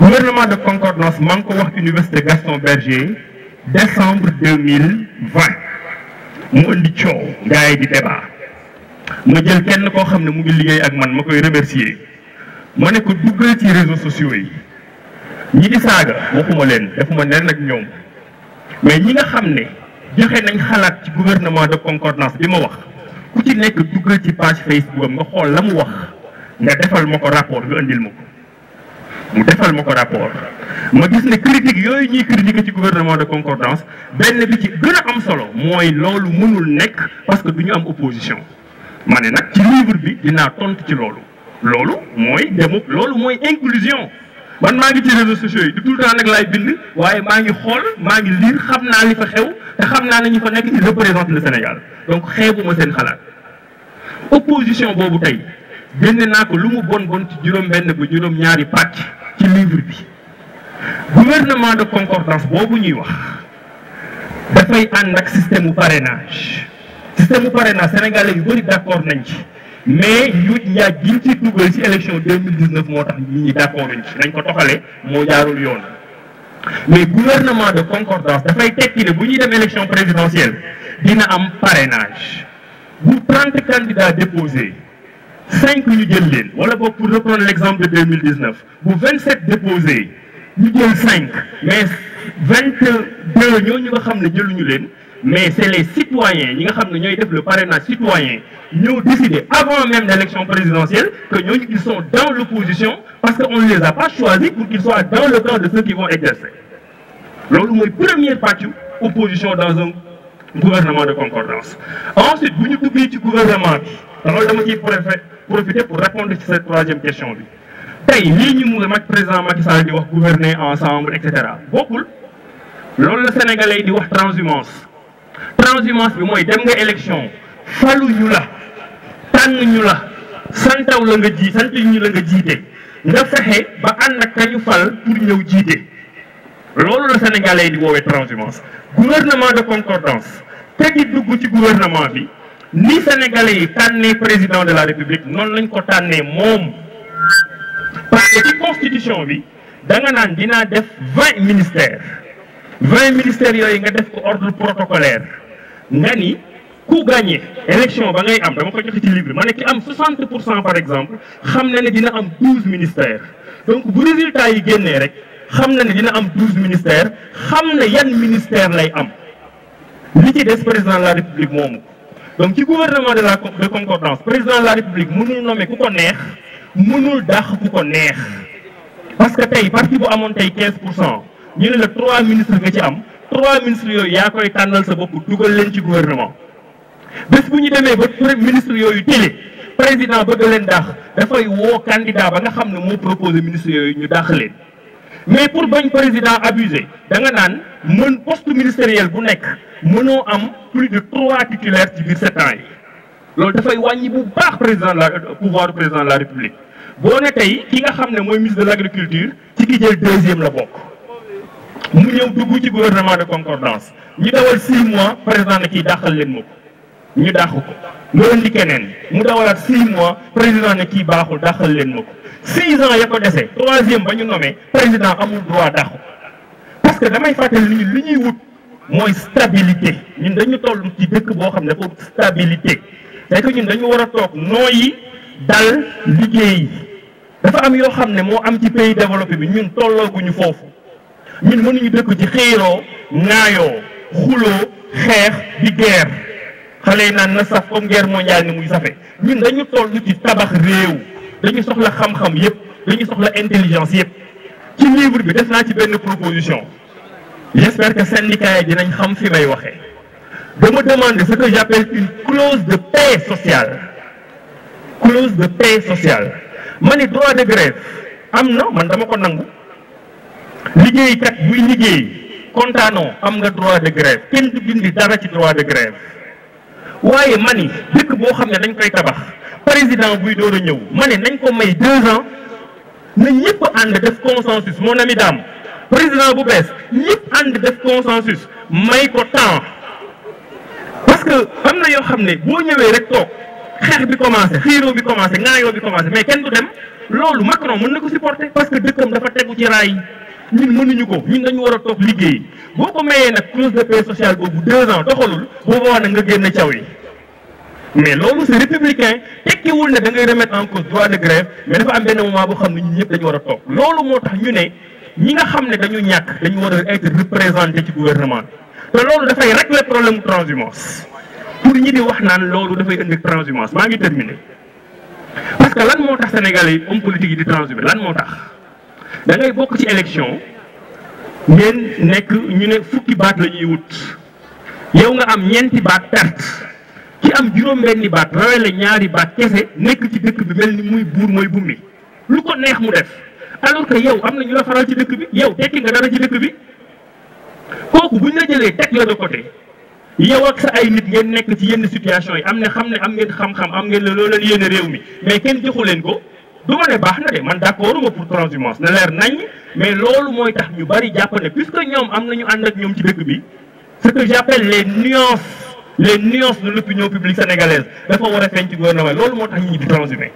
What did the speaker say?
gouvernement de concordance maa ngi ko wax université Gaston Berger décembre mu indi coow gars yi di débat ma jël kenn koo xam ne mu ngi liggéey ak man ma koy remercier ma ne ko duggal ci réseaux sociaux yi ñi di saaga waxuma leen defuma leen nag ñoom mais ñi nga xam ne joxe nañ xalaat ci gouvernement de concordance bi ma wax ku ci nekk duggal ci page Facebook nga xool la mu wax nga defal ma ko rapport nga indil ma ko mu defal ma ko rapport ma gis ne critique yooyu ñuy critiquer ci gouvernement de concordance benn bi ci gën a am solo mooy loolu mënul nekk parce que du ñu am opposition ma ne nag ci livre bi dinaa tontu ci loolu loolu mooy demo loolu mooy inclusion man maa ngi ci réseaux sociaux yi du tout temps laay bind waaye maa ngi xool maa ngi liir xam naa li fa xew te xam naa ne ñu fa nekk ils représentent le Sénégal donc xeebuma seen xalaat opposition boobu tey génne naa ko lu mu bon bon ci juróom-benn ba juróom-ñaari pàcc ci livre bi gouvernement de concordance boobu ñuy wax dafay ànd ak système mu parrainage système pare naa sénégalais yu bëri d'accord nañ ci. mais njuuj njaaj giñ ci dugal ci élection 2019 moo tax ñi ñi d'accord ci nañ ko toxalee moo jaarul yoon mais gouvernement de concordance dafay tekki ne bu ñuy dem élection présidentielle dina am parrainage bu trente candidats déposés cinq ñu jël leen wala boog pour reprendre l'exemple de 2019 bu vingt sept déposés ñu jël cinq mais vingt deux ñu nga xam ne jëluñu leen mais c'est les citoyens ñi nga xam ne ñooy def le parrainage citoyen ñoo décider avant même l'élection présidentielle que ñooñu ils sont dans l'opposition parce que on ne les a pas choisis pour qu'ils soient dans le camp de ceux qui vont exercer loolu mooy première pàccu opposition dans un gouvernement de concordance ensuite bu ñu duggee ci gouvernement bi loolu profiter pour répondre cette troisième question bi tey lii ñu mu mag président Macky Sall di wax gouverner ensemble et cetera bokkul loolu la sénégalais di wax transhumance transhumance bi mooy dem nga élection falu ñu la tànn ñu la taw la nga ji sant ñu la nga jiite nga fexe ba ànd ak kañu fal pour ñëw jiite loolu la sénégalais yi di woowee transhumance gouvernement de concordance te di dugg ci gouvernement bi ni sénégalais yi tànnee président de la république noonu lañ ko tànnee moom parce que ci constitution bi da nga naan dinaa def vingt ministères vingt ministères yooyu nga def ko ordre protocolaire nga ni ku gagné élection ba ngay am dama ko joxe ci livre ma ne ki am 60 pour cent par exemple xam na ne dina am 12 ministères donc bu résultat yi génnee rek xam na ne dina am 12 ministères xam na yan ministère lay am li ci des président de la république moomu donc ci gouvernement de la de concordance président de la république mënul nommer ku ko neex mënul dax ku ko neex parce que tey parti bu amoon tey 15 pour cent ñu ne la trois ministres nga ci am trois ministres yooyu yaa koy tànnal sa bopp dugal leen ci gouvernement bés bu ñu demee ba ministre yooyu télé président bëgg leen daax dafay woo candidat ba nga xam ne moo proposé ministre yooyu ñu daax leen mais pour bañ président abusé da nga naan mën poste ministériel bu nekk mënoo am plus de trois titulaires ci biir sept ans yi loolu dafay wàññi bu baax président la pouvoir président la république boo ne tey ki nga xam ne mooy ministre de l' agriculture ci ki jël deuxième la bokk mu ñëw dugg ci gouvernement de concordance ñu dawal six mois président na ki dàqal leen ma ñu dàq ko mu di keneen mu dawalaat six mois président na kii baaxul dàqal leen ma ko six ans ya ko dese troisième ba ñu nommé président amul droit dàq ko parce que damay fàttali ni li ñuy wut mooy stabilité ñun dañu toll ci dëkk boo xam ne dafa wut stabilité c'est que ñun dañu war a toog yi dal liggéey dafa am yoo xam ne moo am ci pays développé bi ñun tollooguñu foofu ñun mënuñu dëkk ci xëyroo ŋaayoo xuloo xeex di guerre xale yi naan na saf comme guerre mondiale ni muy safe ñun dañu toll ci tabax réew dañu soxla xam-xam yëpp dañu soxla intelligence yëpp ci livre bi def naa ci benn proposition j'espère que syndicat yi dinañ xam fi may waxee dama demander ce que j'appelle une clause de paix sociale clause de paix sociale ma ni droit de grève am na man dama ko nangu liggéeykat buy liggéey kontaanoo am nga droit de grève kenn du dindi dara ci droit de grève waaye ma ni dëkk boo xam ne dañ koy tabax président buy door a ñëw ma nañ ko may deux ans na ñëpp ànd def consensus moo ami daam président bu bees ñëpp ànd def consensus may ko temps parce que am na yoo xam ne boo ñëwee rek toog xeex bi commencé xiiroo bi commencé ngaayoo bi commencé mais kenn du dem loolu Macron mën na ko supporter parce que dëkkam dafa tegu ci raay ñun mënuñu ko ñun dañu war a toog liggéey boo ko mayee nag clause de paix sociale boobu deux ans doxalul boobaa nag nga génn caw yi mais loolu c'est républicain tekkiwul ne da ngay remettre en cause droit de grève mais dafa am benn moment boo xam ne ñun ñëpp dañu war a toog loolu moo tax ñu ne ñi nga xam ne dañu ñàkk dañu war a être représenté ci gouvernement te loolu dafay régler problème transhumance pour ñi di wax naan loolu dafay indi transhumance maa ngi terminé parce que lan moo tax Sénégalais yi homme politique yi di transhumé lan moo tax. da bokk ci élection ngeen nekk ñu ne fukki baat la ñuy wut yow nga am ñeenti baat perte ci am juróom-benni baat rawee ñaari baat kese nekk ci dëkk bi mel ni muy buur mooy bummi lu ko neex mu def alors que yow am na ñu la faral ci dëkk bi yow tekki nga dara ci dëkk bi kooku buñ la jëlee teg la de côté yow ak sa ay nit ngeen nekk ci yenn situation yi am ne xam ne am ngeen xam-xam am ngeen la loo leen yéene réew mi mais kenn joxu leen ko. du ma ne baax na de man d' accord ma pour transhumance na leer nañ mais loolu mooy tax ñu bari jàpp ne puisque ñoom am nañu ànd ak ñoom ci dëkk bi ce que j' appelle les nuances les nuances de ñoo opinion publique sénégalaise dafa war a feeñ ci gouvernement loolu moo tax ñi di transhumé